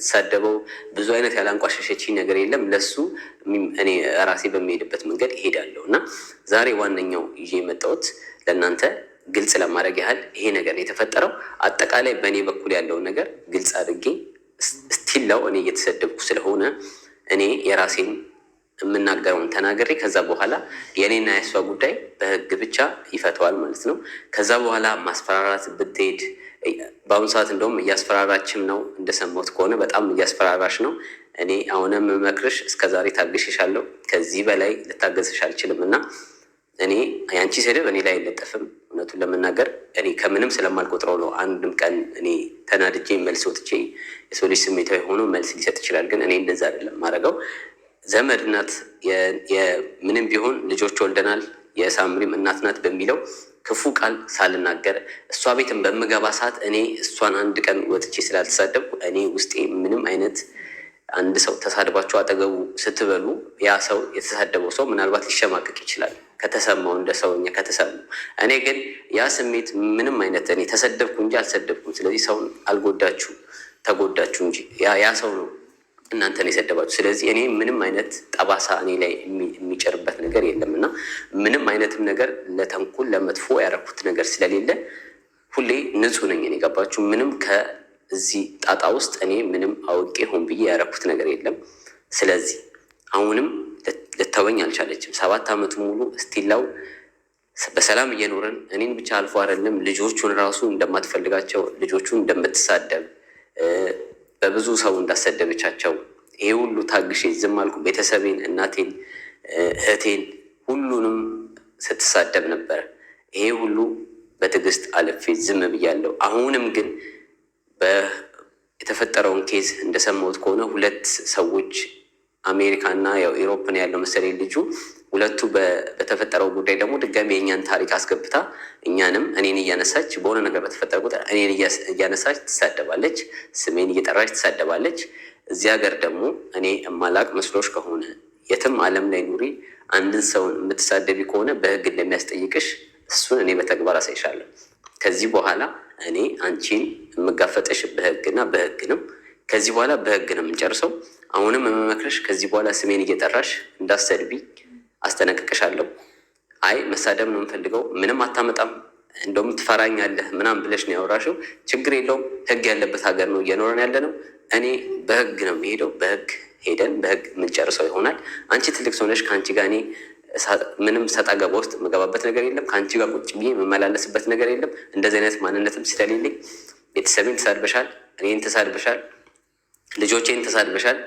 ትሳደበው ብዙ አይነት ያላንቋሸሸች ነገር የለም። ለሱ እኔ ራሴ በሚሄድበት መንገድ ይሄዳለሁ እና ዛሬ ዋነኛው ይዤ የመጣሁት ለእናንተ ግልጽ ለማድረግ ያህል ይሄ ነገር የተፈጠረው አጠቃላይ በእኔ በኩል ያለውን ነገር ግልጽ አድርጌ ስቲላው እኔ እየተሰደብኩ ስለሆነ እኔ የራሴን የምናገረውን ተናግሬ ከዛ በኋላ የእኔና የእሷ ጉዳይ በህግ ብቻ ይፈተዋል ማለት ነው። ከዛ በኋላ ማስፈራራት ብትሄድ በአሁኑ ሰዓት እንደውም እያስፈራራችም ነው እንደሰማሁት ከሆነ በጣም እያስፈራራሽ ነው። እኔ አሁንም መክርሽ እስከዛሬ ታግሼሻለሁ፣ ከዚህ በላይ ልታገዝሽ አልችልም እና እኔ የአንቺ ስድብ እኔ ላይ አይለጠፍም። እውነቱን ለመናገር እኔ ከምንም ስለማልቆጥረው ነው። አንድም ቀን እኔ ተናድጄ መልስ ወጥቼ የሰው ልጅ ስሜታዊ ሆኖ መልስ ሊሰጥ ይችላል፣ ግን እኔ እንደዛ አይደለም ማድረገው። ዘመድ ናት፣ ምንም ቢሆን ልጆች ወልደናል፣ የሳምሪም እናት ናት በሚለው ክፉ ቃል ሳልናገር እሷ ቤትን በምገባ ሰዓት እኔ እሷን አንድ ቀን ወጥቼ ስላልተሳደብኩ እኔ ውስጤ ምንም አይነት አንድ ሰው ተሳድባችሁ አጠገቡ ስትበሉ ያ ሰው የተሳደበው ሰው ምናልባት ሊሸማቀቅ ይችላል፣ ከተሰማው እንደ ሰውኛ ከተሰማው። እኔ ግን ያ ስሜት ምንም አይነት እኔ ተሰደብኩ እንጂ አልሰደብኩም። ስለዚህ ሰውን አልጎዳችሁ፣ ተጎዳችሁ እንጂ ያ ሰው ነው እናንተን የሰደባችሁ። ስለዚህ እኔ ምንም አይነት ጠባሳ እኔ ላይ የሚጨርበት ነገር የለም እና ምንም አይነትም ነገር ለተንኩል ለመጥፎ ያደረኩት ነገር ስለሌለ ሁሌ ንጹህ ነኝ። እኔ ገባችሁ? ምንም ከዚህ ጣጣ ውስጥ እኔ ምንም አውቄ ሆን ብዬ ያደረኩት ነገር የለም። ስለዚህ አሁንም ልተወኝ አልቻለችም። ሰባት ዓመቱ ሙሉ እስቲላው በሰላም እየኖርን እኔን ብቻ አልፎ አይደለም ልጆቹን ራሱ እንደማትፈልጋቸው ልጆቹን እንደምትሳደብ በብዙ ሰው እንዳሰደበቻቸው ይሄ ሁሉ ታግሼ ዝም አልኩ። ቤተሰቤን፣ እናቴን፣ እህቴን ሁሉንም ስትሳደብ ነበር። ይሄ ሁሉ በትዕግስት አልፌ ዝም ብያለሁ። አሁንም ግን የተፈጠረውን ኬዝ እንደሰማሁት ከሆነ ሁለት ሰዎች አሜሪካና ያው ኢሮፕን ያለው መሰለኝ ልጁ ሁለቱ በተፈጠረው ጉዳይ ደግሞ ድጋሚ የእኛን ታሪክ አስገብታ እኛንም እኔን እያነሳች በሆነ ነገር በተፈጠረ ቁጥር እኔን እያነሳች ትሳደባለች፣ ስሜን እየጠራች ትሳደባለች። እዚህ ሀገር ደግሞ እኔ እማላቅ መስሎች ከሆነ የትም ዓለም ላይ ኑሪ አንድን ሰውን የምትሳደቢ ከሆነ በህግ እንደሚያስጠይቅሽ እሱን እኔ በተግባር አሳይሻለሁ። ከዚህ በኋላ እኔ አንቺን የምጋፈጠሽ በህግና በህግ ነው። ከዚህ በኋላ በህግ ነው የምንጨርሰው። አሁንም የምመክረሽ ከዚህ በኋላ ስሜን እየጠራሽ እንዳሰድቢ አስጠነቅቅሻለሁ። አይ መሳደብ ነው የምፈልገው፣ ምንም አታመጣም፣ እንደውም ትፈራኛለህ ምናም ብለሽ ነው ያወራሽው። ችግር የለውም ህግ ያለበት ሀገር ነው እየኖረን ያለ ነው። እኔ በህግ ነው የሚሄደው፣ በህግ ሄደን በህግ የምንጨርሰው ይሆናል። አንቺ ትልቅ ሰው ነሽ። ከአንቺ ጋር እኔ ምንም ሰጣ ገባ ውስጥ የምገባበት ነገር የለም። ከአንቺ ጋር ቁጭ ብዬ የምመላለስበት ነገር የለም። እንደዚህ አይነት ማንነትም ስለሌለኝ ቤተሰብን ትሳድበሻል፣ እኔን ትሳድበሻል፣ ልጆቼን ትሳድበሻል።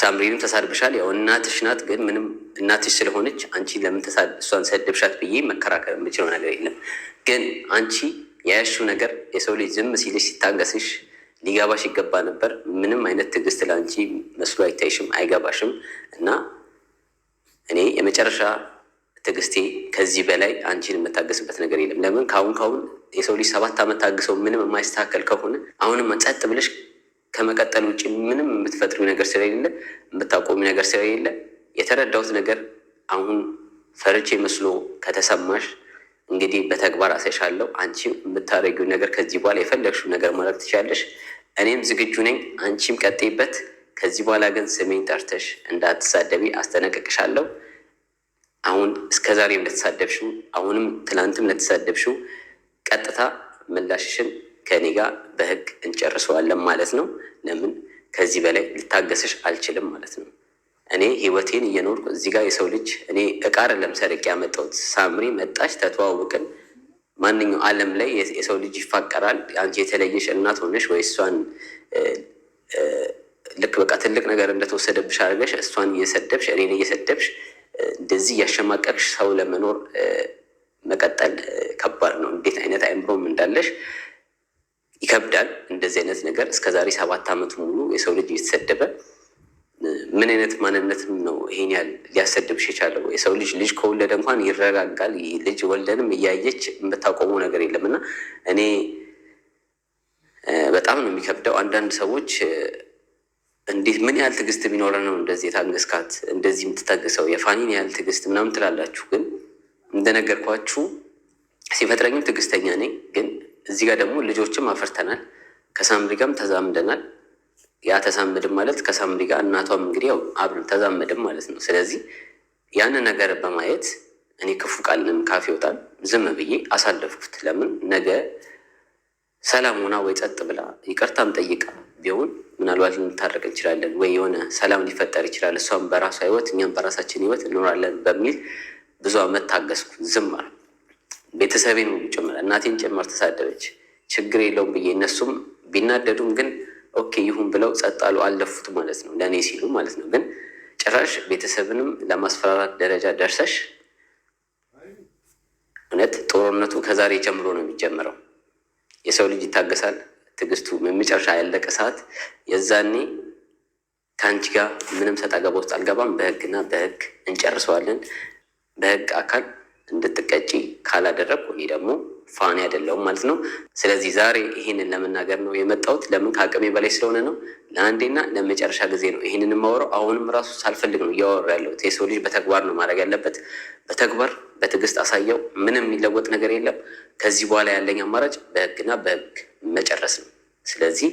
ሳምሪንም ተሳድብሻል። ያው እናትሽ ናት፣ ግን ምንም እናትሽ ስለሆነች አንቺ ለምን እሷን ሰድብሻት ብዬ መከራከር የምችለው ነገር የለም። ግን አንቺ ያያሽው ነገር የሰው ልጅ ዝም ሲልሽ ሲታገስሽ ሊገባሽ ይገባ ነበር። ምንም አይነት ትዕግስት ለአንቺ መስሎ አይታይሽም፣ አይገባሽም። እና እኔ የመጨረሻ ትዕግስቴ ከዚህ በላይ አንቺን የምታገስበት ነገር የለም። ለምን ከአሁን ከአሁን የሰው ልጅ ሰባት ዓመት ታግሰው ምንም የማይስተካከል ከሆነ አሁንም ጸጥ ብለሽ ከመቀጠል ውጭ ምንም የምትፈጥሪው ነገር ስለሌለ የምታቆሚ ነገር ስለሌለ የተረዳሁት ነገር አሁን ፈርቼ መስሎ ከተሰማሽ እንግዲህ በተግባር አሳይሻለሁ። አንቺም የምታደርጊው ነገር ከዚህ በኋላ የፈለግሽው ነገር ማለት ትችላለሽ። እኔም ዝግጁ ነኝ። አንቺም ቀጤበት። ከዚህ በኋላ ግን ስሜን ጠርተሽ እንዳትሳደቢ አስጠነቅቅሻለሁ። አሁን እስከ ዛሬም ለተሳደብሽው፣ አሁንም ትላንትም ለተሳደብሽው ቀጥታ ምላሽሽን ከኔ ጋር በህግ እንጨርሰዋለን ማለት ነው። ለምን ከዚህ በላይ ልታገሰሽ አልችልም ማለት ነው። እኔ ህይወቴን እየኖርኩ እዚህ ጋር የሰው ልጅ እኔ እቃር ለምሰርቅ ያመጣውት ያመጣሁት። ሳምሪ መጣች፣ ተተዋውቅን። ማንኛው ዓለም ላይ የሰው ልጅ ይፋቀራል። አንቺ የተለየሽ እናት ሆነሽ ወይ እሷን ልክ በቃ ትልቅ ነገር እንደተወሰደብሽ አድርገሽ እሷን እየሰደብሽ እኔን እየሰደብሽ እንደዚህ እያሸማቀቅሽ ሰው ለመኖር መቀጠል ከባድ ነው። እንዴት አይነት አይምሮም እንዳለሽ ይከብዳል። እንደዚህ አይነት ነገር እስከዛሬ ሰባት ዓመት ሙሉ የሰው ልጅ እየተሰደበ ምን አይነት ማንነትም ነው ይሄን ያህል ሊያሰድብሽ የቻለው? የሰው ልጅ ልጅ ከወለደ እንኳን ይረጋጋል። ልጅ ወልደንም እያየች የምታቆሙ ነገር የለም እና እኔ በጣም ነው የሚከብደው። አንዳንድ ሰዎች እንዴት ምን ያህል ትዕግስት ቢኖረ ነው እንደዚህ የታገስካት እንደዚህ የምትታገሰው የፋኒን ያህል ትዕግስት ምናምን ትላላችሁ። ግን እንደነገርኳችሁ ሲፈጥረኝም ትዕግስተኛ ነኝ ግን እዚህ ጋር ደግሞ ልጆችም አፍርተናል። ከሳምሪ ጋም ተዛምደናል። ያ ተዛምድም ማለት ከሳምሪ ጋር እናቷም እንግዲህ ያው አብረን ተዛምድም ማለት ነው። ስለዚህ ያንን ነገር በማየት እኔ ክፉ ቃልንም ካፍ ይወጣል ዝም ብዬ አሳለፍኩት። ለምን ነገ ሰላም ሆና ወይ ጸጥ ብላ ይቅርታም ጠይቃ ቢሆን ምናልባት ልንታረቅ እንችላለን፣ ወይ የሆነ ሰላም ሊፈጠር ይችላል። እሷም በራሷ ህይወት፣ እኛም በራሳችን ህይወት እንኖራለን በሚል ብዙ አመት ታገስኩ። ዝም ቤተሰቤን ሁሉ ጭምር እናቴን ጭምር ተሳደበች። ችግር የለውም ብዬ እነሱም ቢናደዱም ግን ኦኬ ይሁን ብለው ጸጥ አሉ፣ አለፉት ማለት ነው ለእኔ ሲሉ ማለት ነው። ግን ጭራሽ ቤተሰብንም ለማስፈራራት ደረጃ ደርሰሽ እውነት ጦርነቱ ከዛሬ ጀምሮ ነው የሚጀምረው። የሰው ልጅ ይታገሳል፣ ትዕግስቱ መመጨረሻ ያለቀ ሰዓት የዛኔ ከአንቺ ጋር ምንም ሰጣ አገባ ውስጥ አልገባም፣ በህግና በህግ እንጨርሰዋለን፣ በህግ አካል እንድትቀጪ ካላደረግ እኔ ደግሞ ፋን አይደለውም ማለት ነው። ስለዚህ ዛሬ ይህንን ለመናገር ነው የመጣሁት። ለምን ከአቅሜ በላይ ስለሆነ ነው። ለአንዴና ለመጨረሻ ጊዜ ነው ይህንን የማወራው። አሁንም ራሱ ሳልፈልግ ነው እያወራሁ ያለሁት። የሰው ልጅ በተግባር ነው ማድረግ ያለበት። በተግባር በትዕግስት አሳየው። ምንም የሚለወጥ ነገር የለም። ከዚህ በኋላ ያለኝ አማራጭ በህግና በህግ መጨረስ ነው። ስለዚህ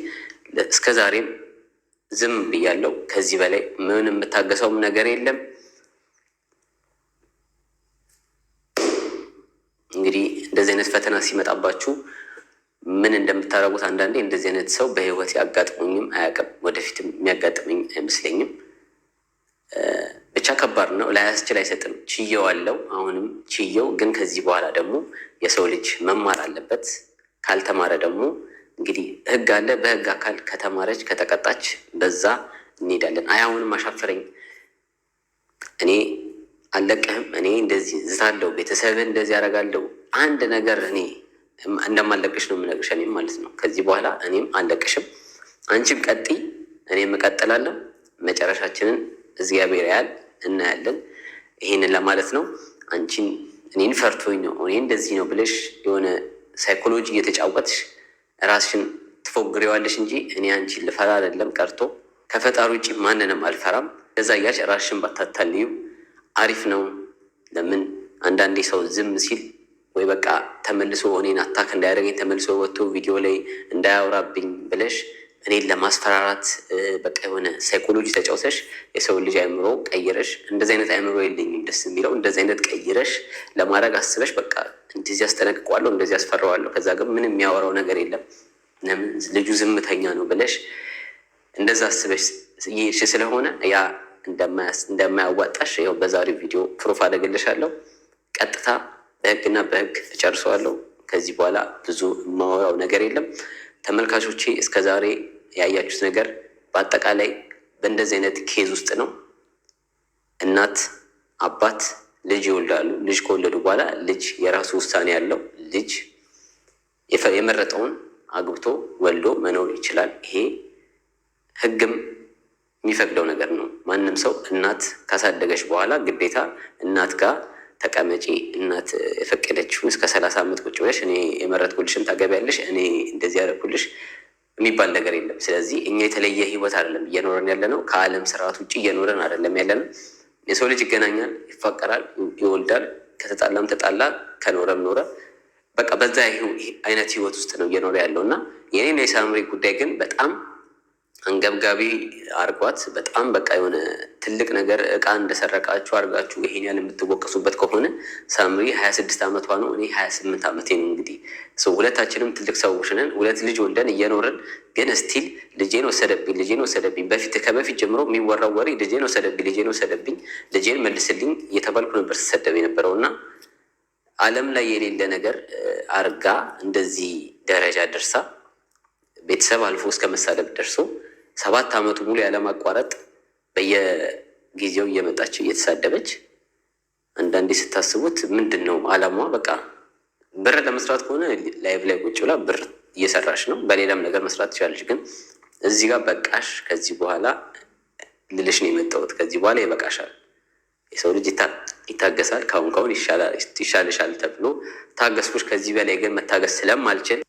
እስከ ዛሬም ዝም ብያለው። ከዚህ በላይ ምንም የምታገሰውም ነገር የለም። እንግዲህ እንደዚህ አይነት ፈተና ሲመጣባችሁ ምን እንደምታደርጉት አንዳንዴ እንደዚህ አይነት ሰው በህይወት ያጋጥሙኝም አያውቅም፣ ወደፊትም የሚያጋጥመኝ አይመስለኝም። ብቻ ከባድ ነው፣ ላያስችል አይሰጥም። ችየው አለው አሁንም ችየው። ግን ከዚህ በኋላ ደግሞ የሰው ልጅ መማር አለበት። ካልተማረ ደግሞ እንግዲህ ህግ አለ። በህግ አካል ከተማረች ከተቀጣች በዛ እንሄዳለን። አይ አሁንም አሻፈረኝ እኔ አልለቅህም፣ እኔ እንደዚህ ዝታለው፣ ቤተሰብህን እንደዚህ ያደርጋለው፣ አንድ ነገር እኔ እንደማለቅሽ ነው የምነግርሽ። እኔም ማለት ነው ከዚህ በኋላ እኔም አለቅሽም፣ አንቺም ቀጥይ፣ እኔም እቀጥላለሁ። መጨረሻችንን እግዚአብሔር ያህል እናያለን። ይሄንን ለማለት ነው። አንቺን እኔን ፈርቶኝ ነው እኔ እንደዚህ ነው ብለሽ የሆነ ሳይኮሎጂ እየተጫወትሽ ራስሽን ትፎግሬዋለሽ እንጂ እኔ አንቺን ልፈራ አይደለም ቀርቶ ከፈጣሪ ውጭ ማንንም አልፈራም። ከዛ እያልሽ ራስሽን ባታታልዩ አሪፍ ነው። ለምን አንዳንዴ ሰው ዝም ሲል ወይ በቃ ተመልሶ እኔን አታክ እንዳያደርገኝ ተመልሶ ወጥቶ ቪዲዮ ላይ እንዳያወራብኝ ብለሽ እኔን ለማስፈራራት በቃ የሆነ ሳይኮሎጂ ተጫውተሽ የሰው ልጅ አእምሮ ቀይረሽ፣ እንደዚ አይነት አእምሮ የለኝም ደስ የሚለው እንደዚ አይነት ቀይረሽ ለማድረግ አስበሽ በቃ እንደዚህ አስጠነቅቋለሁ፣ እንደዚህ አስፈራዋለሁ፣ ከዛ ግን ምንም የሚያወራው ነገር የለም ለምን ልጁ ዝምተኛ ነው ብለሽ እንደዛ አስበሽ ስለሆነ ያ እንደማያዋጣሽ ይኸው በዛሬው ቪዲዮ ፕሩፍ አደርግልሻለሁ። ቀጥታ በህግና በህግ እጨርሰዋለሁ። ከዚህ በኋላ ብዙ የማወራው ነገር የለም። ተመልካቾቼ ዛሬ ያያችሁት ነገር በአጠቃላይ በእንደዚህ አይነት ኬዝ ውስጥ ነው። እናት አባት ልጅ ይወልዳሉ። ልጅ ከወለዱ በኋላ ልጅ የራሱ ውሳኔ ያለው ልጅ የመረጠውን አግብቶ ወልዶ መኖር ይችላል። ይሄ ህግም የሚፈቅደው ነገር ነው። ማንም ሰው እናት ካሳደገች በኋላ ግዴታ እናት ጋር ተቀመጪ እናት የፈቀደችውን እስከ ሰላሳ ዓመት ቁጭ ብለሽ እኔ የመረጥኩልሽን ታገቢያለሽ እኔ እንደዚህ ያደረኩልሽ የሚባል ነገር የለም። ስለዚህ እኛ የተለየ ህይወት አይደለም እየኖረን ያለ ነው። ከዓለም ስርዓት ውጭ እየኖረን አይደለም ያለ ነው። የሰው ልጅ ይገናኛል፣ ይፋቀራል፣ ይወልዳል። ከተጣላም ተጣላ፣ ከኖረም ኖረ። በቃ በዛ አይነት ህይወት ውስጥ ነው እየኖረ ያለው እና የኔና የሳምሪ ጉዳይ ግን በጣም አንገብጋቢ አርጓት በጣም በቃ የሆነ ትልቅ ነገር እቃ እንደሰረቃችሁ አርጋችሁ ይሄን ያህል የምትወቀሱበት ከሆነ ሳምሪ ሀያ ስድስት ዓመቷ ነው። እኔ ሀያ ስምንት ዓመቴ ነው። እንግዲህ ሁለታችንም ትልቅ ሰዎች ነን። ሁለት ልጅ ወንደን እየኖርን ግን ስቲል ልጄን ወሰደብኝ፣ ልጄን ወሰደብኝ። በፊት ከበፊት ጀምሮ የሚወራው ወሬ ልጄን ወሰደብኝ፣ ልጄን ወሰደብኝ፣ ልጄን መልስልኝ እየተባልኩ ነበር ስሰደብ የነበረው እና ዓለም ላይ የሌለ ነገር አርጋ እንደዚህ ደረጃ ደርሳ ቤተሰብ አልፎ እስከ መሳደብ ደርሶ ሰባት ዓመቱ ሙሉ ያለማቋረጥ በየጊዜው እየመጣች እየተሳደበች አንዳንዴ ስታስቡት ምንድን ነው አላማዋ? በቃ ብር ለመስራት ከሆነ ላይቭ ላይ ቁጭ ብላ ብር እየሰራች ነው። በሌላም ነገር መስራት ትችላለች። ግን እዚህ ጋር በቃሽ፣ ከዚህ በኋላ ልልሽ ነው የመጣሁት። ከዚህ በኋላ ይበቃሻል። የሰው ልጅ ይታገሳል። ካሁን ካሁን ይሻልሻል ተብሎ ታገስኩሽ። ከዚህ በላይ ግን መታገስ ስለማልችል